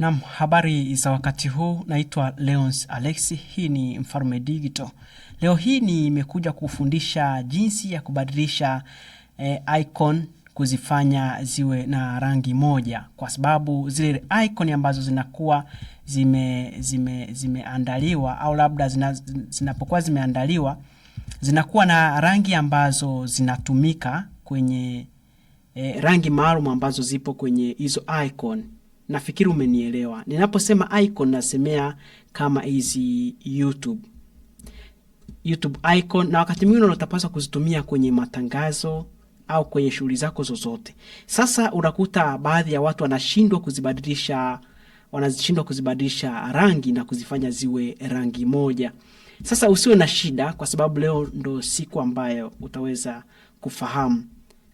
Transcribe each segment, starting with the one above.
Nam, habari za wakati huu. Naitwa Leons Alexi, hii ni Mfalme Digital. Leo hii nimekuja kufundisha jinsi ya kubadilisha eh, icon kuzifanya ziwe na rangi moja, kwa sababu zile icon ambazo zinakuwa zimeandaliwa zime, zime au labda zina, zinapokuwa zimeandaliwa zinakuwa na rangi ambazo zinatumika kwenye eh, rangi maalum ambazo zipo kwenye hizo icon Nafikiri umenielewa. Ninaposema icon nasemea kama hizi YouTube. YouTube icon na wakati mwingine unatapaswa kuzitumia kwenye matangazo au kwenye shughuli zako zozote. Sasa unakuta baadhi ya watu wanashindwa kuzibadilisha wanashindwa kuzibadilisha rangi na kuzifanya ziwe rangi moja. Sasa usiwe na shida, kwa sababu leo ndo siku ambayo utaweza kufahamu.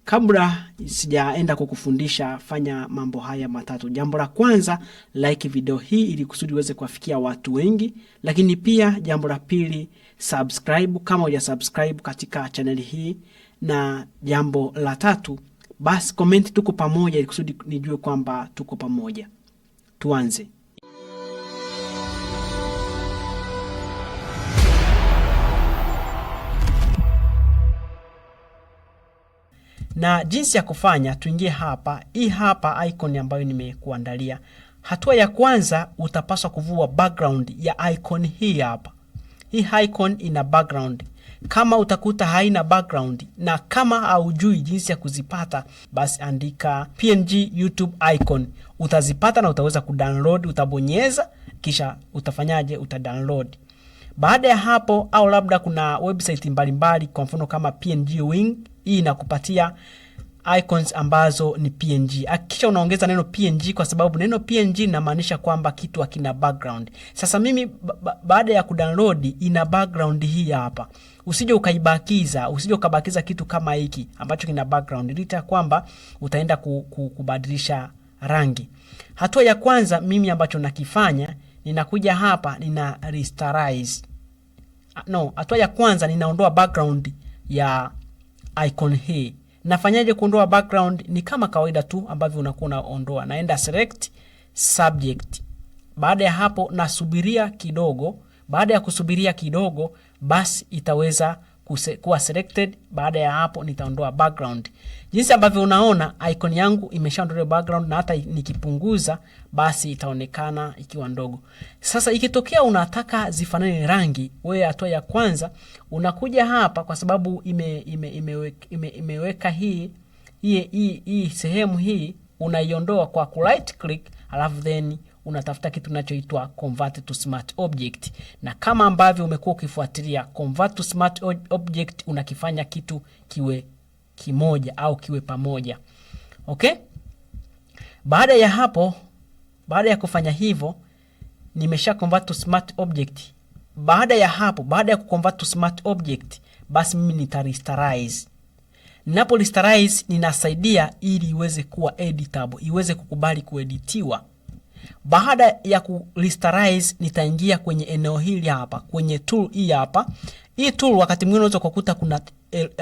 Kabla sijaenda kukufundisha, fanya mambo haya matatu. Jambo la kwanza, like video hii ili kusudi uweze kuwafikia watu wengi, lakini pia jambo la pili, subscribe kama uja subscribe katika chaneli hii, na jambo la tatu, basi comment tuko pamoja, ili kusudi nijue kwamba tuko pamoja. Tuanze. na jinsi ya kufanya, tuingie hapa. Hii hapa icon ambayo nimekuandalia. Hatua ya kwanza utapaswa kuvua background ya icon hii hapa. Hii icon ina background. Kama utakuta haina background na kama haujui jinsi ya kuzipata, basi andika PNG YouTube icon, utazipata na utaweza kudownload. Utabonyeza kisha utafanyaje? Utadownload. Baada ya hapo, au labda kuna website mbalimbali, kwa mfano kama PNG Wing, hii inakupatia icons ambazo ni PNG. Hakikisha unaongeza neno PNG kwa sababu neno PNG inamaanisha kwamba kitu hakina background. Sasa mimi ba baada ya kudownload ina background hii hapa. Usije ukaibakiza, usije ukabakiza kitu kama hiki ambacho kina background. Lita kwamba utaenda ku, ku, kubadilisha rangi. Hatua ya kwanza mimi ambacho nakifanya ninakuja hapa nina restarize. Ah, no, hatua ya kwanza ninaondoa background ya icon hii. Nafanyaje kuondoa background? Ni kama kawaida tu ambavyo unakuwa unaondoa, naenda select subject. Baada ya hapo nasubiria kidogo. Baada ya kusubiria kidogo, basi itaweza kuse, kuwa selected. Baada ya hapo nitaondoa background. Jinsi ambavyo unaona icon yangu imeshaondolewa background, na hata nikipunguza basi itaonekana ikiwa ndogo. Sasa ikitokea unataka zifanane rangi, wewe hatua ya kwanza unakuja hapa, kwa sababu ime, ime, imeweka, ime, imeweka hii hii hii sehemu hii, unaiondoa kwa ku right click, alafu then unatafuta kitu kinachoitwa convert to smart object, na kama ambavyo umekuwa ukifuatilia convert to smart object, unakifanya kitu kiwe kimoja au kiwe pamoja. Okay, baada ya hapo, baada ya kufanya hivyo, nimesha convert to smart object. Baada ya hapo, baada ya kuconvert to smart object, basi mimi nitaresterize Ninapo rasterize ninasaidia ili iweze kuwa editable, iweze kukubali kueditiwa. Baada ya ku nitaingia kwenye eneo hili hapa, kwenye tool hii hapa. Hii tool wakati mwingine unaweza kukuta kuna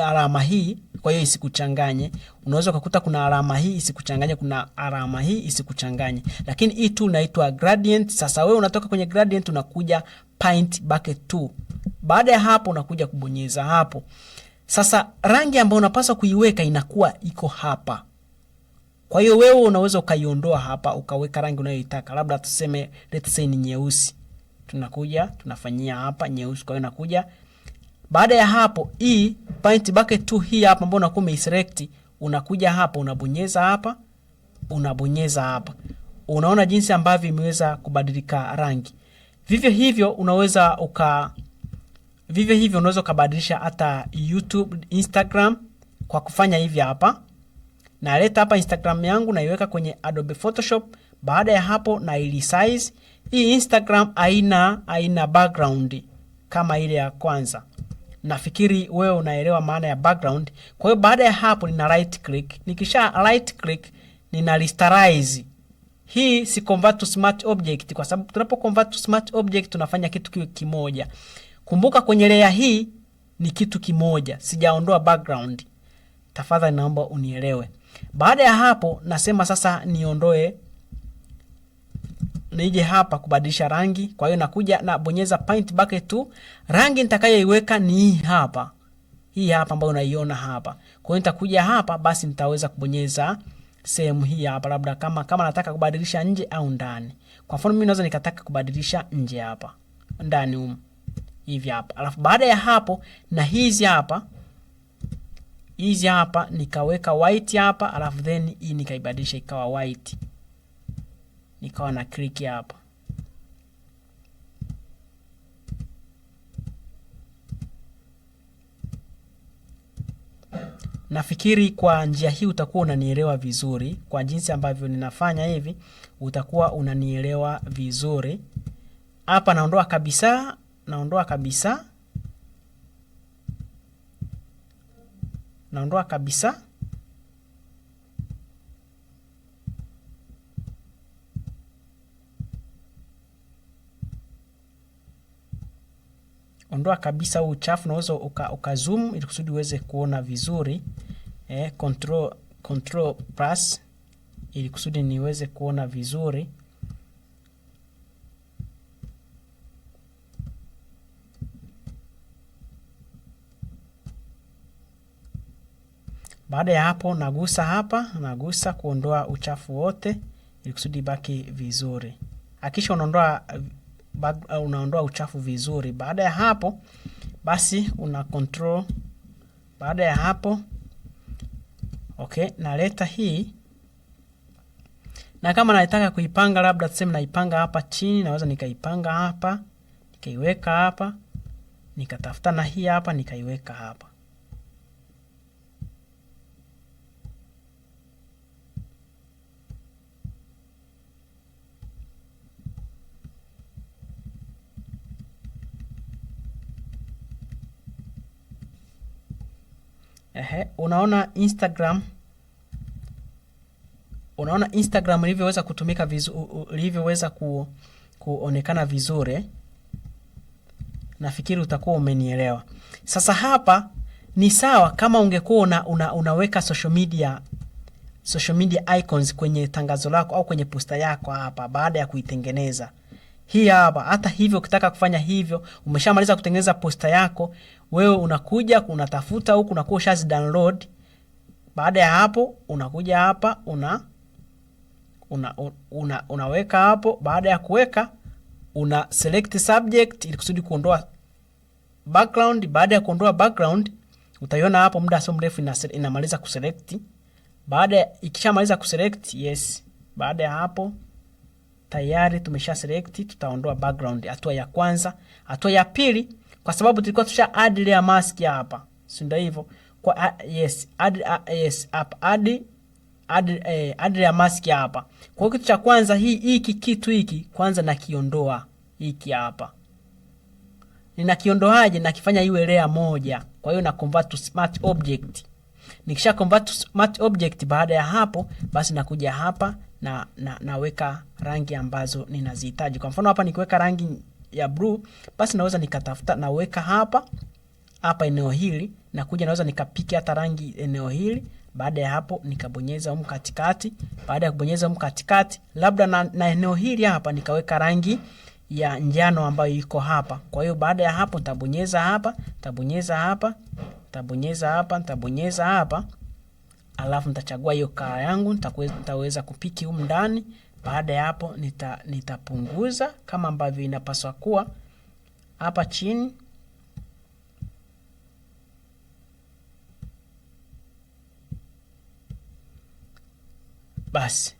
alama hii, kwa hiyo isikuchanganye. Unaweza kukuta kuna alama hii isikuchanganye, kuna alama hii isikuchanganye. Lakini hii tool inaitwa gradient. Sasa wewe unatoka kwenye gradient unakuja paint bucket tool. Baada ya hapo unakuja kubonyeza hapo. Sasa rangi ambayo unapaswa kuiweka inakuwa iko hapa. Kwa hiyo wewe unaweza ukaiondoa hapa ukaweka rangi unayoitaka, labda tuseme let's say ni nyeusi, tunakuja tunafanyia hapa nyeusi. Kwa hiyo nakuja baada ya hapo, hii e, paint bucket tu hii hapa ambayo unakuwa umeselect unakuja hapa unabonyeza hapa unabonyeza hapa, unaona jinsi ambavyo imeweza kubadilika rangi. Vivyo hivyo unaweza uka vivyo hivyo unaweza ukabadilisha hata YouTube, Instagram kwa kufanya hivi hapa naleta hapa Instagram yangu naiweka kwenye Adobe Photoshop. Baada ya hapo na resize hii Instagram, aina aina background kama ile ya kwanza. Nafikiri wewe unaelewa maana ya background. Kwa hiyo baada ya hapo nina right click, nikisha right click nina rasterize hii si convert to smart object, kwa sababu tunapo convert to smart object tunafanya kitu kiwe kimoja. Kumbuka kwenye layer hii ni kitu kimoja, sijaondoa background. Tafadhali naomba unielewe. Baada ya hapo nasema sasa niondoe, nije hapa kubadilisha rangi. Kwa hiyo nakuja na bonyeza paint bucket tu, rangi nitakayoiweka ni hii hapa, hii hapa ambayo unaiona hapa. Kwa hiyo nitakuja hapa, basi nitaweza kubonyeza sehemu hii hapa, labda kama kama nataka kubadilisha nje au ndani. Kwa mfano mimi naweza nikataka kubadilisha nje hapa, ndani huko hivi hapa, alafu baada ya hapo na hizi hapa hizi hapa nikaweka white hapa, alafu then hii nikaibadilisha ikawa white, nikawa na click hapa Nafikiri kwa njia hii utakuwa unanielewa vizuri. Kwa jinsi ambavyo ninafanya hivi, utakuwa unanielewa vizuri. Hapa naondoa kabisa, naondoa kabisa. naondoa kabisa ondoa kabisa huu uchafu, naweza uka, uka ili kusudi uweze kuona vizuri eh, control, control plus ili kusudi niweze kuona vizuri. Baada ya hapo nagusa hapa, nagusa kuondoa uchafu wote ili kusudi baki vizuri. Hakisha unaondoa unaondoa uchafu vizuri. Baada ya hapo basi una control. Baada ya hapo okay, naleta hii na kama nataka kuipanga, labda tuseme naipanga hapa chini, naweza nikaipanga hapa nikaiweka hapa nikatafuta na hii hapa nikaiweka hapa. Ehe, unaona Instagram unaona Instagram ilivyoweza kutumika vizuri, ilivyoweza ku, kuonekana vizuri. Nafikiri utakuwa umenielewa. Sasa hapa ni sawa kama ungekuwa una, una, unaweka social media, social media icons kwenye tangazo lako au kwenye posta yako hapa baada ya kuitengeneza hii hapa. Hata hivyo ukitaka kufanya hivyo, umeshamaliza kutengeneza posta yako, wewe unakuja unatafuta huku, unakuwa ushazi download. Baada ya hapo, unakuja hapa una, una, una, unaweka hapo. Baada ya kuweka, una select subject ili kusudi kuondoa background. Baada ya kuondoa background, utaiona hapo, muda sio mrefu inamaliza kuselect. Baada ikishamaliza kuselect, yes. Baada ya hapo tayari tumesha select, tutaondoa background hatua ya kwanza. Hatua ya pili, kwa sababu tulikuwa tusha add layer mask hapa, si ndio hivyo? Kwa uh, yes add uh, yes up add add uh, add layer mask hapa. Kwa kitu cha kwanza hii hiki kitu hiki kwanza nakiondoa hiki hapa ninakiondoaje? Nakifanya iwe layer moja, kwa hiyo na convert to smart object. Nikisha convert to smart object, baada ya hapo basi nakuja hapa na, na, naweka rangi ambazo ninazihitaji. Kwa mfano hapa nikiweka rangi ya blue, basi naweza nikatafuta naweka hapa hapa eneo hili, nakuja naweza nikapiki hata rangi eneo hili. Baada ya hapo nikabonyeza humu katikati. Baada ya kubonyeza humu katikati, labda na, na eneo hili hapa nikaweka rangi ya njano ambayo iko hapa. Kwa hiyo baada ya hapo ntabonyeza hapa, ntabonyeza hapa, nitabonyeza hapa, nitabonyeza hapa alafu nitachagua hiyo kaa yangu nitaweza kupiki humu ndani. Baada ya hapo nita, nitapunguza kama ambavyo inapaswa kuwa hapa chini basi.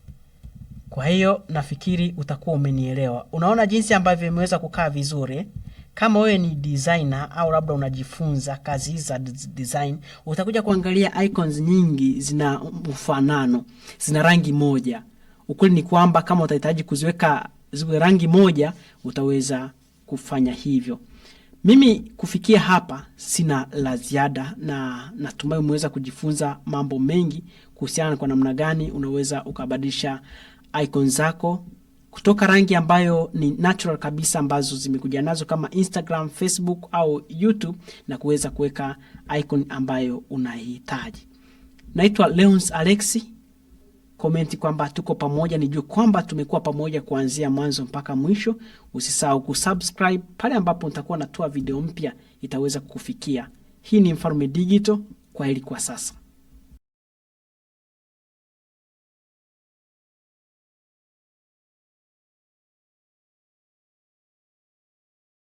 Kwa hiyo nafikiri utakuwa umenielewa. Unaona jinsi ambavyo imeweza kukaa vizuri. Eh? Kama wewe ni designer au labda unajifunza kazi za design, utakuja kuangalia icons nyingi zina mfanano, zina rangi moja. Ukweli ni kwamba kama utahitaji kuziweka ziwe rangi moja, utaweza kufanya hivyo. Mimi kufikia hapa sina la ziada, na natumai umeweza kujifunza mambo mengi kuhusiana kwa namna gani unaweza ukabadilisha icon zako kutoka rangi ambayo ni natural kabisa ambazo zimekuja nazo kama Instagram, Facebook au YouTube na kuweza kuweka icon ambayo unahitaji Naitwa Leons Alexi. Komenti kwamba tuko pamoja, nijue kwamba tumekuwa pamoja kuanzia mwanzo mpaka mwisho. Usisahau kusubscribe pale ambapo nitakuwa natoa video mpya itaweza kukufikia. Hii ni Mfalme Digital. Kwaheri kwa sasa.